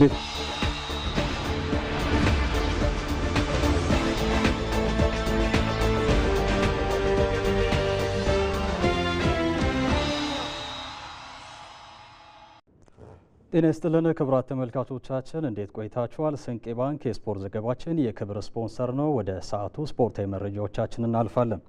ጤና ይስጥልን ክቡራት ተመልካቾቻችን እንዴት ቆይታችኋል? ስንቄ ባንክ የስፖርት ዘገባችን የክብር ስፖንሰር ነው። ወደ ሰዓቱ ስፖርታዊ መረጃዎቻችን እናልፋለን።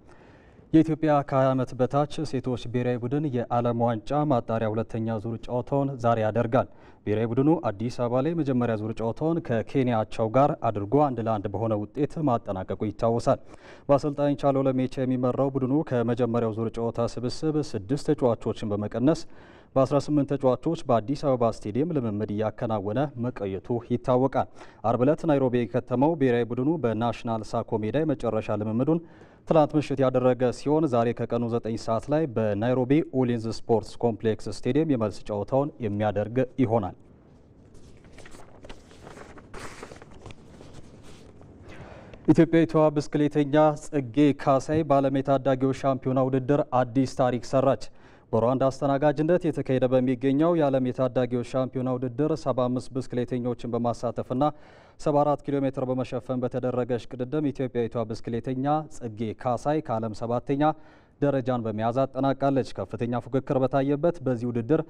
የኢትዮጵያ ከ20 በታች ሴቶች ብሔራዊ ቡድን የዓለም ዋንጫ ማጣሪያ ሁለተኛ ዙር ጨዋታውን ዛሬ ያደርጋል። ብሔራዊ ቡድኑ አዲስ አበባ ላይ መጀመሪያ ዙር ጨዋታውን ከኬንያ አቻው ጋር አድርጎ አንድ ለአንድ በሆነ ውጤት ማጠናቀቁ ይታወሳል። በአሰልጣኝ ቻለው ለሜቻ የሚመራው ቡድኑ ከመጀመሪያው ዙር ጨዋታ ስብስብ ስድስት ተጫዋቾችን በመቀነስ በ18 ተጫዋቾች በአዲስ አበባ ስቴዲየም ልምምድ እያከናወነ መቀየቱ ይታወቃል። አርብ ዕለት ናይሮቢ የከተመው ብሔራዊ ቡድኑ በናሽናል ሳኮ ሜዳ የመጨረሻ ልምምዱን ትላንት ምሽት ያደረገ ሲሆን ዛሬ ከቀኑ 9 ሰዓት ላይ በናይሮቢ ኦሊንዝ ስፖርትስ ኮምፕሌክስ ስቴዲየም የመልስ ጨዋታውን የሚያደርግ ይሆናል። ኢትዮጵያዊቷ ብስክሌተኛ ጽጌ ካሳይ በዓለም የታዳጊዎች ሻምፒዮና ውድድር አዲስ ታሪክ ሰራች። በሩዋንዳ አስተናጋጅነት የተካሄደ በሚገኘው የዓለም የታዳጊዎች ሻምፒዮና ውድድር 75 ብስክሌተኞችን በማሳተፍና 74 ኪሎ ሜትር በመሸፈን በተደረገ እሽቅድድም ኢትዮጵያዊቷ ብስክሌተኛ ጽጌ ካሳይ ከዓለም ሰባተኛ ደረጃን በመያዝ አጠናቃለች። ከፍተኛ ፉክክር በታየበት በዚህ ውድድር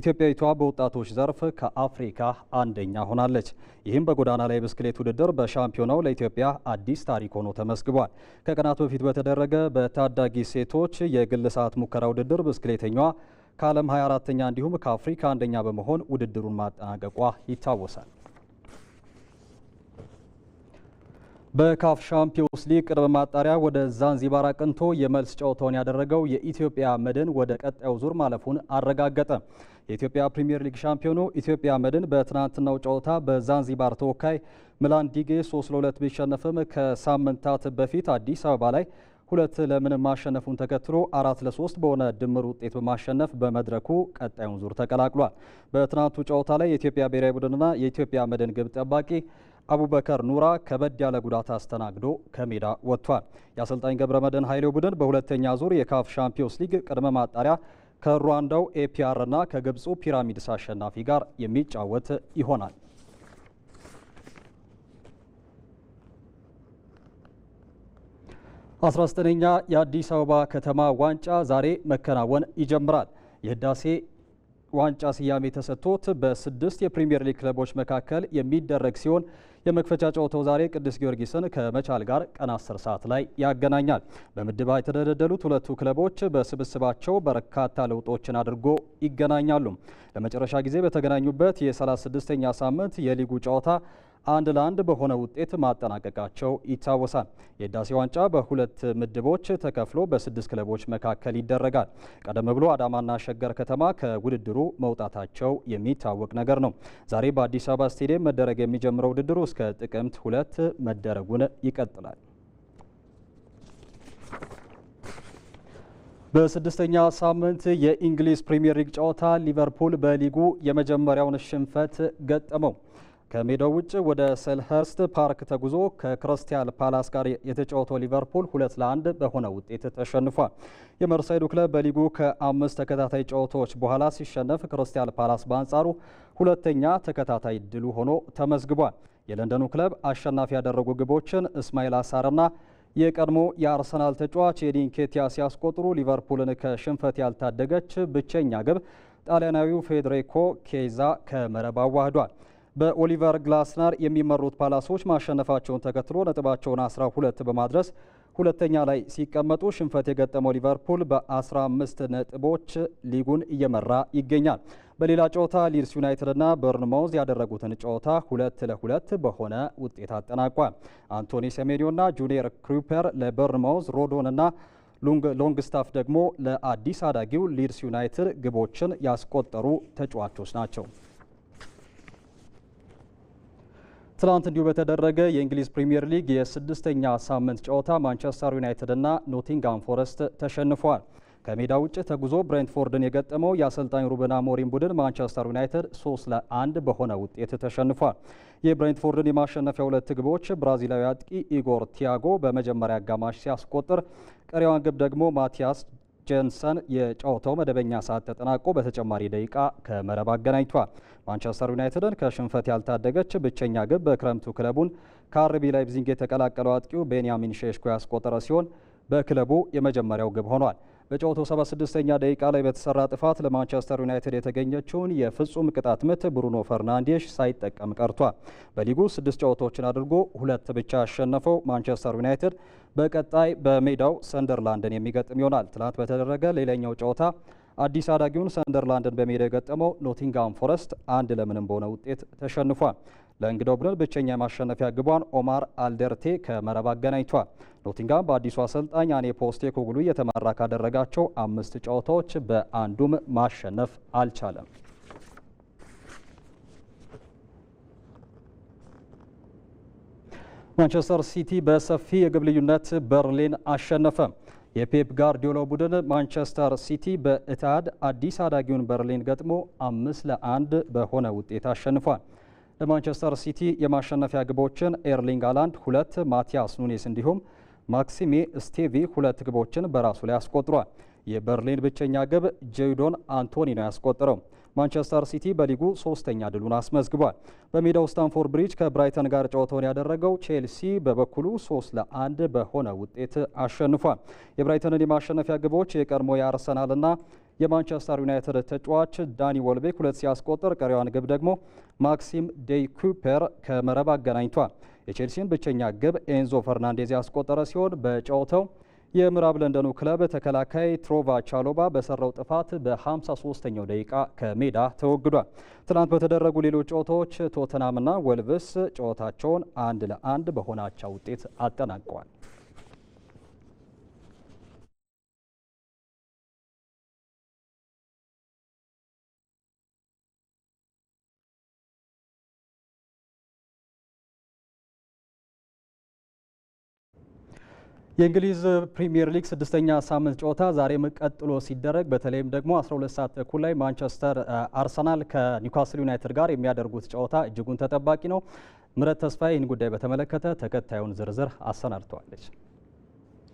ኢትዮጵያዊቷ በወጣቶች ዘርፍ ከአፍሪካ አንደኛ ሆናለች። ይህም በጎዳና ላይ ብስክሌት ውድድር በሻምፒዮናው ለኢትዮጵያ አዲስ ታሪክ ሆኖ ተመስግቧል። ከቀናት በፊት በተደረገ በታዳጊ ሴቶች የግል ሰዓት ሙከራ ውድድር ብስክሌተኛዋ ከዓለም 24ኛ እንዲሁም ከአፍሪካ አንደኛ በመሆን ውድድሩን ማጠናቀቋ ይታወሳል። በካፍ ሻምፒዮንስ ሊግ ቅርብ ማጣሪያ ወደ ዛንዚባር አቅንቶ የመልስ ጨዋታውን ያደረገው የኢትዮጵያ መድን ወደ ቀጣዩ ዙር ማለፉን አረጋገጠ። የኢትዮጵያ ፕሪምየር ሊግ ሻምፒዮኑ ኢትዮጵያ መድን በትናንትናው ጨዋታ በዛንዚባር ተወካይ ሚላን ዲጌ 3 ለ2 ቢሸነፍም ከሳምንታት በፊት አዲስ አበባ ላይ ሁለት ለምንም ማሸነፉን ተከትሎ አራት ለሶስት በሆነ ድምር ውጤት በማሸነፍ በመድረኩ ቀጣዩን ዙር ተቀላቅሏል። በትናንቱ ጨዋታ ላይ የኢትዮጵያ ብሔራዊ ቡድንና የኢትዮጵያ መድን ግብ ጠባቂ አቡበከር ኑራ ከበድ ያለ ጉዳት አስተናግዶ ከሜዳ ወጥቷል። የአሰልጣኝ ገብረመድህን ኃይሌው ቡድን በሁለተኛ ዙር የካፍ ሻምፒዮንስ ሊግ ቅድመ ማጣሪያ ከሩዋንዳው ኤፒአር እና ከግብፁ ፒራሚድስ አሸናፊ ጋር የሚጫወት ይሆናል። አስራ ዘጠነኛ የአዲስ አበባ ከተማ ዋንጫ ዛሬ መከናወን ይጀምራል። የህዳሴ ዋንጫ ስያሜ ተሰጥቶት በስድስት የፕሪምየር ሊግ ክለቦች መካከል የሚደረግ ሲሆን የመክፈቻ ጨዋታው ዛሬ ቅዱስ ጊዮርጊስን ከመቻል ጋር ቀን 10 ሰዓት ላይ ያገናኛል። በምድባ የተደለደሉት ሁለቱ ክለቦች በስብስባቸው በርካታ ለውጦችን አድርጎ ይገናኛሉ። ለመጨረሻ ጊዜ በተገናኙበት የ36ኛ ሳምንት የሊጉ ጨዋታ አንድ ለአንድ በሆነ ውጤት ማጠናቀቃቸው ይታወሳል። የህዳሴ ዋንጫ በሁለት ምድቦች ተከፍሎ በስድስት ክለቦች መካከል ይደረጋል። ቀደም ብሎ አዳማና ሸገር ከተማ ከውድድሩ መውጣታቸው የሚታወቅ ነገር ነው። ዛሬ በአዲስ አበባ ስቴዲየም መደረግ የሚጀምረው ውድድሩ እስከ ጥቅምት ሁለት መደረጉን ይቀጥላል። በስድስተኛ ሳምንት የእንግሊዝ ፕሪምየር ሊግ ጨዋታ ሊቨርፑል በሊጉ የመጀመሪያውን ሽንፈት ገጠመው። ከሜዳው ውጭ ወደ ሴልኸርስት ፓርክ ተጉዞ ከክሪስታል ፓላስ ጋር የተጫወተው ሊቨርፑል ሁለት ለአንድ በሆነ ውጤት ተሸንፏል። የመርሳይዱ ክለብ በሊጉ ከአምስት ተከታታይ ጨዋታዎች በኋላ ሲሸነፍ፣ ክሪስታል ፓላስ በአንጻሩ ሁለተኛ ተከታታይ ድሉ ሆኖ ተመዝግቧል። የለንደኑ ክለብ አሸናፊ ያደረጉ ግቦችን እስማኤል አሳርና የቀድሞ የአርሰናል ተጫዋች የዲንኬቲያ ሲያስቆጥሩ ሊቨርፑልን ከሽንፈት ያልታደገች ብቸኛ ግብ ጣሊያናዊው ፌዴሪኮ ኬዛ ከመረብ አዋህዷል። በኦሊቨር ግላስነር የሚመሩት ፓላሶች ማሸነፋቸውን ተከትሎ ነጥባቸውን 12 በማድረስ ሁለተኛ ላይ ሲቀመጡ ሽንፈት የገጠመው ሊቨርፑል በ15 ነጥቦች ሊጉን እየመራ ይገኛል። በሌላ ጨዋታ ሊድስ ዩናይትድና በርንማውዝ ያደረጉትን ጨዋታ ሁለት ለሁለት በሆነ ውጤት አጠናቋል። አንቶኒ ሴሜኒዮና ጁኒየር ክሩፐር ለበርንማውዝ ሮዶንና ሎንግስታፍ ደግሞ ለአዲስ አዳጊው ሊድስ ዩናይትድ ግቦችን ያስቆጠሩ ተጫዋቾች ናቸው። ትናንት እንዲሁ በተደረገ የእንግሊዝ ፕሪምየር ሊግ የስድስተኛ ሳምንት ጨዋታ ማንቸስተር ዩናይትድ ና ኖቲንጋም ፎረስት ተሸንፏል። ከሜዳ ውጭ ተጉዞ ብሬንትፎርድን የገጠመው የአሰልጣኝ ሩበን አሞሪም ቡድን ማንቸስተር ዩናይትድ 3 ለአንድ በሆነ ውጤት ተሸንፏል። የብሬንትፎርድን የማሸነፊያ ሁለት ግቦች ብራዚላዊ አጥቂ ኢጎር ቲያጎ በመጀመሪያ አጋማሽ ሲያስቆጥር፣ ቀሪዋን ግብ ደግሞ ማቲያስ ጀንሰን የጨዋታው መደበኛ ሰዓት ተጠናቆ በተጨማሪ ደቂቃ ከመረብ አገናኝቷል። ማንቸስተር ዩናይትድን ከሽንፈት ያልታደገች ብቸኛ ግብ በክረምቱ ክለቡን ከአርቢ ላይፕዚንግ የተቀላቀለው አጥቂው ቤንያሚን ሼሽኮ ያስቆጠረ ሲሆን በክለቡ የመጀመሪያው ግብ ሆኗል። በጨዋታው 76ኛ ደቂቃ ላይ በተሰራ ጥፋት ለማንቸስተር ዩናይትድ የተገኘችውን የፍጹም ቅጣት ምት ብሩኖ ፈርናንዴሽ ሳይጠቀም ቀርቷል። በሊጉ ስድስት ጨዋታዎችን አድርጎ ሁለት ብቻ ያሸነፈው ማንቸስተር ዩናይትድ በቀጣይ በሜዳው ሰንደርላንድን የሚገጥም ይሆናል። ትናንት በተደረገ ሌላኛው ጨዋታ አዲስ አዳጊውን ሰንደርላንድን በሜዳ የገጠመው ኖቲንጋም ፎረስት አንድ ለምንም በሆነ ውጤት ተሸንፏል። ለእንግዳው ቡድን ብቸኛ የማሸነፊያ ግቧን ኦማር አልደርቴ ከመረብ አገናኝቷል። ኖቲንጋም በአዲሱ አሰልጣኝ አኔ ፖስቴ ኮጉሉ እየተመራ ካደረጋቸው አምስት ጨዋታዎች በአንዱም ማሸነፍ አልቻለም። ማንቸስተር ሲቲ በሰፊ የግብ ልዩነት በርሊን አሸነፈ። የፔፕ ጋርዲዮላ ቡድን ማንቸስተር ሲቲ በኢትሃድ አዲስ አዳጊውን በርሊን ገጥሞ አምስት ለአንድ በሆነ ውጤት አሸንፏል። ለማንቸስተር ሲቲ የማሸነፊያ ግቦችን ኤርሊንግ አላንድ ሁለት፣ ማቲያስ ኑኔስ እንዲሁም ማክሲሜ ስቴቪ ሁለት ግቦችን በራሱ ላይ አስቆጥሯል። የበርሊን ብቸኛ ግብ ጄዶን አንቶኒ ነው ያስቆጠረው። ማንቸስተር ሲቲ በሊጉ ሶስተኛ ድሉን አስመዝግቧል። በሜዳው ስታንፎርድ ብሪጅ ከብራይተን ጋር ጨዋታውን ያደረገው ቼልሲ በበኩሉ ሶስት ለአንድ በሆነ ውጤት አሸንፏል። የብራይተንን የማሸነፊያ ግቦች የቀድሞ የአርሰናልና የማንቸስተር ዩናይትድ ተጫዋች ዳኒ ወልቤክ ሁለት ሲያስቆጥር ቀሪዋን ግብ ደግሞ ማክሲም ዴይ ኩፐር ከመረብ አገናኝቷል። የቼልሲን ብቸኛ ግብ ኤንዞ ፈርናንዴዝ ያስቆጠረ ሲሆን በጨዋታው የምዕራብ ለንደኑ ክለብ ተከላካይ ትሮቫ ቻሎባ በሰራው ጥፋት በ53ኛው ደቂቃ ከሜዳ ተወግዷል። ትናንት በተደረጉ ሌሎች ጨዋታዎች ቶተናምና ወልቭስ ጨዋታቸውን አንድ ለአንድ በሆናቸው ውጤት አጠናቀዋል። የእንግሊዝ ፕሪምየር ሊግ ስድስተኛ ሳምንት ጨዋታ ዛሬም ቀጥሎ ሲደረግ በተለይም ደግሞ 12 ሰዓት ተኩል ላይ ማንቸስተር አርሰናል ከኒውካስል ዩናይትድ ጋር የሚያደርጉት ጨዋታ እጅጉን ተጠባቂ ነው። ምረት ተስፋዬ ይህን ጉዳይ በተመለከተ ተከታዩን ዝርዝር አሰናድተዋለች።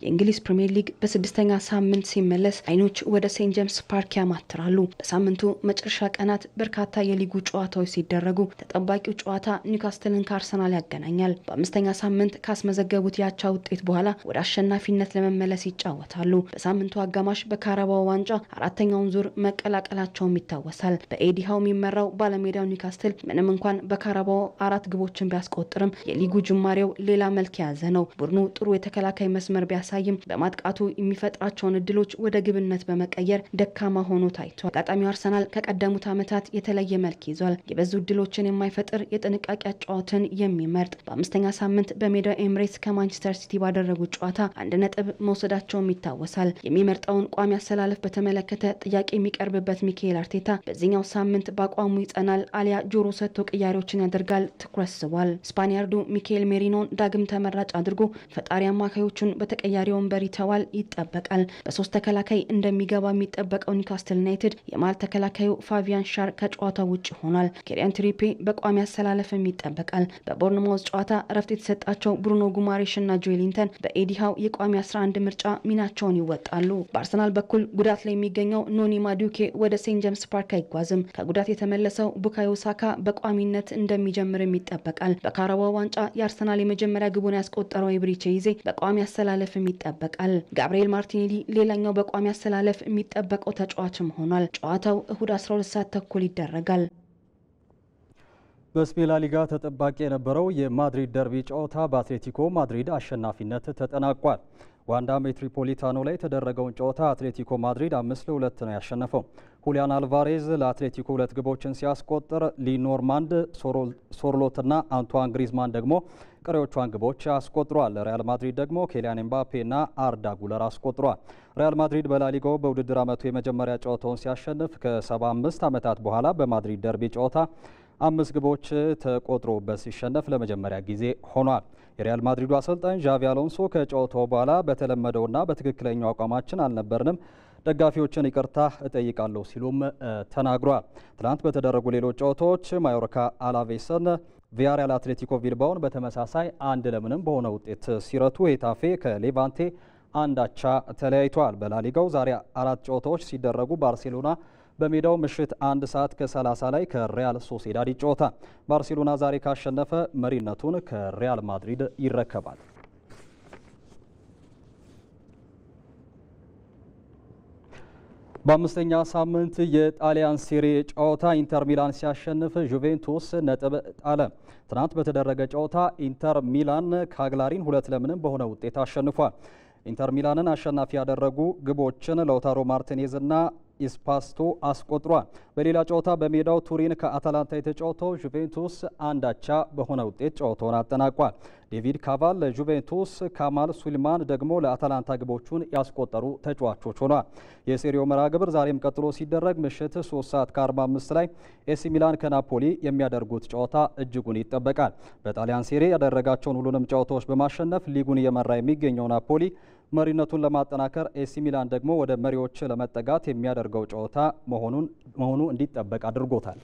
የእንግሊዝ ፕሪምየር ሊግ በስድስተኛ ሳምንት ሲመለስ አይኖች ወደ ሴንት ጄምስ ፓርክ ያማትራሉ። በሳምንቱ መጨረሻ ቀናት በርካታ የሊጉ ጨዋታዎች ሲደረጉ ተጠባቂው ጨዋታ ኒውካስትልን ከአርሰናል ያገናኛል። በአምስተኛ ሳምንት ካስመዘገቡት ያቻ ውጤት በኋላ ወደ አሸናፊነት ለመመለስ ይጫወታሉ። በሳምንቱ አጋማሽ በካረባው ዋንጫ አራተኛውን ዙር መቀላቀላቸውም ይታወሳል። በኤዲሃው የሚመራው ባለሜዳው ኒውካስትል ምንም እንኳን በካረባው አራት ግቦችን ቢያስቆጥርም የሊጉ ጅማሬው ሌላ መልክ የያዘ ነው። ቡድኑ ጥሩ የተከላካይ መስመር ቢያ ቢያሳይም በማጥቃቱ የሚፈጥራቸውን እድሎች ወደ ግብነት በመቀየር ደካማ ሆኖ ታይቷል። አጋጣሚው አርሰናል ከቀደሙት ዓመታት የተለየ መልክ ይዟል። የበዙ እድሎችን የማይፈጥር የጥንቃቄ ጨዋትን የሚመርጥ በአምስተኛ ሳምንት በሜዳ ኤምሬትስ ከማንቸስተር ሲቲ ባደረጉት ጨዋታ አንድ ነጥብ መውሰዳቸውም ይታወሳል። የሚመርጠውን ቋሚ አሰላለፍ በተመለከተ ጥያቄ የሚቀርብበት ሚካኤል አርቴታ በዚህኛው ሳምንት በአቋሙ ይጸናል አሊያ ጆሮ ሰጥቶ ቅያሬዎችን ያደርጋል ትኩረት ስቧል። ስፓኒያርዱ ሚካኤል ሜሪኖን ዳግም ተመራጭ አድርጎ ፈጣሪ አማካዮቹን በተቀ ተቀያሪ ወንበር ይተዋል ይጠበቃል። በሶስት ተከላካይ እንደሚገባ የሚጠበቀው ኒውካስትል ዩናይትድ የመሃል ተከላካዩ ፋቪያን ሻር ከጨዋታው ውጭ ሆኗል። ኬሪያን ትሪፔ በቋሚ አሰላለፍም ይጠበቃል። በቦርንማውዝ ጨዋታ እረፍት የተሰጣቸው ብሩኖ ጉማሬሽ እና ጆሊንተን በኤዲሃው የቋሚ 11 ምርጫ ሚናቸውን ይወጣሉ። በአርሰናል በኩል ጉዳት ላይ የሚገኘው ኖኒ ማዱኬ ወደ ሴንት ጀምስ ፓርክ አይጓዝም። ከጉዳት የተመለሰው ቡካዮ ሳካ በቋሚነት እንደሚጀምርም ይጠበቃል። በካራባ ዋንጫ የአርሰናል የመጀመሪያ ግቡን ያስቆጠረው የብሪቼ ይዜ በቋሚ አሰላለፍም ይጠበቃል። ጋብርኤል ማርቲኔሊ ሌላኛው በቋሚ አሰላለፍ የሚጠበቀው ተጫዋችም ሆኗል። ጨዋታው እሁድ 12 ሰዓት ተኩል ይደረጋል። በስፔን ላሊጋ ተጠባቂ የነበረው የማድሪድ ደርቢ ጨዋታ በአትሌቲኮ ማድሪድ አሸናፊነት ተጠናቋል። ዋንዳ ሜትሪፖሊታኖ ላይ የተደረገውን ጨዋታ አትሌቲኮ ማድሪድ አምስት ለሁለት ነው ያሸነፈው። ሁሊያን አልቫሬዝ ለአትሌቲኮ ሁለት ግቦችን ሲያስቆጥር ሊኖርማንድ ሶርሎትና አንቷን ግሪዝማን ደግሞ ቀሪዎቿን ግቦች አስቆጥሯል። ሪያል ማድሪድ ደግሞ ኬሊያን ኤምባፔና አርዳ ጉለር አስቆጥሯል። ሪያል ማድሪድ በላሊጋው በውድድር ዓመቱ የመጀመሪያ ጨዋታውን ሲያሸንፍ ከ75 ዓመታት በኋላ በማድሪድ ደርቢ ጨዋታ አምስት ግቦች ተቆጥሮበት ሲሸነፍ ለመጀመሪያ ጊዜ ሆኗል። የሪያል ማድሪዱ አሰልጣኝ ዣቪ አሎንሶ ከጨዋታው በኋላ በተለመደውና በትክክለኛው አቋማችን አልነበርንም ደጋፊዎችን ይቅርታ እጠይቃለሁ ሲሉም ተናግሯል። ትናንት በተደረጉ ሌሎች ጨዋታዎች ማዮርካ አላቬሰን ቪያሪያል አትሌቲኮ ቢልባውን በተመሳሳይ አንድ ለምንም በሆነ ውጤት ሲረቱ ሄታፌ ከሌቫንቴ አንዳቻ ተለያይተዋል። በላሊጋው ዛሬ አራት ጨዋታዎች ሲደረጉ ባርሴሎና በሜዳው ምሽት አንድ ሰዓት ከ30 ላይ ከሪያል ሶሴዳድ ይጫወታል። ባርሴሎና ዛሬ ካሸነፈ መሪነቱን ከሪያል ማድሪድ ይረከባል። በአምስተኛ ሳምንት የጣሊያን ሴሪ ጨዋታ ኢንተር ሚላን ሲያሸንፍ ጁቬንቱስ ነጥብ ጣለ። ትናንት በተደረገ ጨዋታ ኢንተር ሚላን ካግላሪን ሁለት ለምንም በሆነ ውጤት አሸንፏል። ኢንተር ሚላንን አሸናፊ ያደረጉ ግቦችን ለውታሮ ማርቲኔዝ እና ኢስፓስቶ አስቆጥሯል። በሌላ ጨዋታ በሜዳው ቱሪን ከአታላንታ የተጫወተው ጁቬንቱስ አንዳቻ በሆነ ውጤት ጨዋታውን አጠናቋል። ዴቪድ ካቫል ለጁቬንቱስ፣ ካማል ሱሊማን ደግሞ ለአታላንታ ግቦቹን ያስቆጠሩ ተጫዋቾች ሆኗል። የሴሪዮ መርሃ ግብር ዛሬም ቀጥሎ ሲደረግ ምሽት 3 ሰዓት ከ45 ላይ ኤሲ ሚላን ከናፖሊ የሚያደርጉት ጨዋታ እጅጉን ይጠበቃል። በጣሊያን ሴሪ ያደረጋቸውን ሁሉንም ጨዋታዎች በማሸነፍ ሊጉን እየመራ የሚገኘው ናፖሊ መሪነቱን ለማጠናከር ኤሲ ሚላን ደግሞ ወደ መሪዎች ለመጠጋት የሚያደርገው ጨዋታ መሆኑን መሆኑ እንዲጠበቅ አድርጎታል።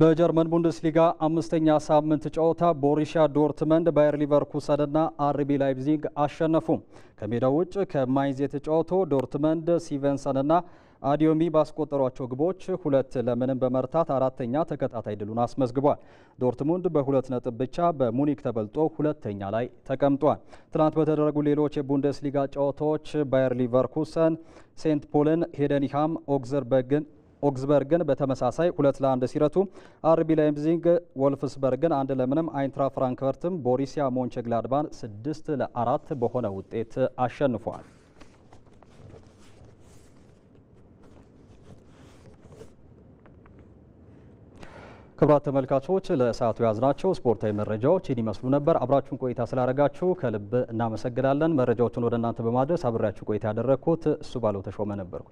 በጀርመን ቡንደስሊጋ አምስተኛ ሳምንት ጨዋታ ቦሪሻ ዶርትመንድ ባየር ሊቨርኩሰን ና አርቢ ላይፕዚግ አሸነፉ ከሜዳው ውጭ ከማይንዝ የተጫወተው ዶርትመንድ ሲቨንሰንና አዲዮሚ ባስቆጠሯቸው ግቦች ሁለት ለምንም በመርታት አራተኛ ተከታታይ ድሉን አስመዝግቧል። ዶርትሙንድ በሁለት ነጥብ ብቻ በሙኒክ ተበልጦ ሁለተኛ ላይ ተቀምጧል። ትናንት በተደረጉ ሌሎች የቡንደስሊጋ ጨዋታዎች ባየር ሊቨርኩሰን ሴንት ፖልን፣ ሄደንሃም ኦግዘርበግን ኦግዝበርግን በተመሳሳይ ሁለት ለአንድ ሲረቱ አርቢ ላይምዚንግ ወልፍስበርግን አንድ ለምንም አይንትራ ፍራንክፈርትም ቦሪሲያ ሞንቸግላድባን ስድስት ለአራት በሆነ ውጤት አሸንፏል። ክብራት ተመልካቾች ለሰዓቱ የያዝናቸው ስፖርታዊ መረጃዎች ይህን ይመስሉ ነበር። አብራችሁን ቆይታ ስላደረጋችሁ ከልብ እናመሰግናለን። መረጃዎቹን ወደ እናንተ በማድረስ አብሬያችሁ ቆይታ ያደረግኩት እሱ ባለው ተሾመ ነበርኩ።